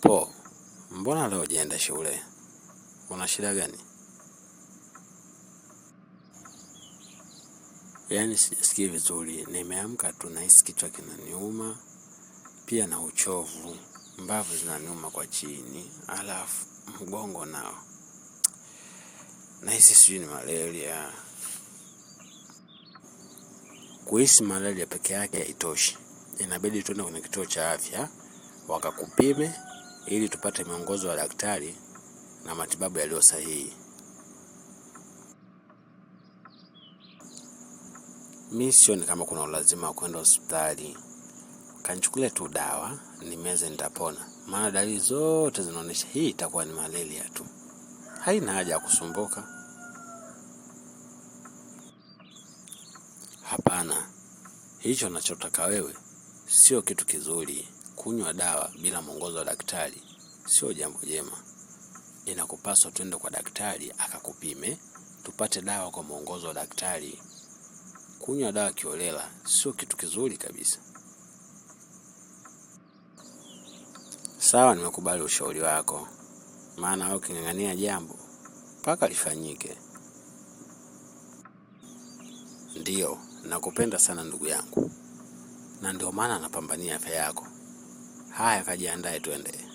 Po, mbona leo hujaenda shule? Una shida gani? Yaani sijisikii vizuri, nimeamka tu nahisi kichwa kinaniuma, pia na uchovu, mbavu zinaniuma kwa chini, alafu mgongo nao nahisi sijui ni malaria. Kuhisi malaria peke yake haitoshi, inabidi tuende kwenye kituo cha afya wakakupime ili tupate miongozo ya daktari na matibabu yaliyo sahihi. Mi sioni kama kuna ulazima wa kwenda hospitali, kanichukulia tu dawa ni meze nitapona, maana dalili zote zinaonyesha hii itakuwa ni malaria tu, haina haja ya kusumbuka. Hapana, hicho nachotaka wewe sio kitu kizuri kunywa dawa bila mwongozo wa daktari sio jambo jema. Inakupaswa twende kwa daktari akakupime, tupate dawa kwa mwongozo wa daktari. Kunywa dawa kiolela sio kitu kizuri kabisa. Sawa, nimekubali ushauri wako, maana au king'ang'ania jambo mpaka lifanyike. Ndiyo, nakupenda sana ndugu yangu, na ndio maana napambania afya yako. Haya, kajiandae, twende.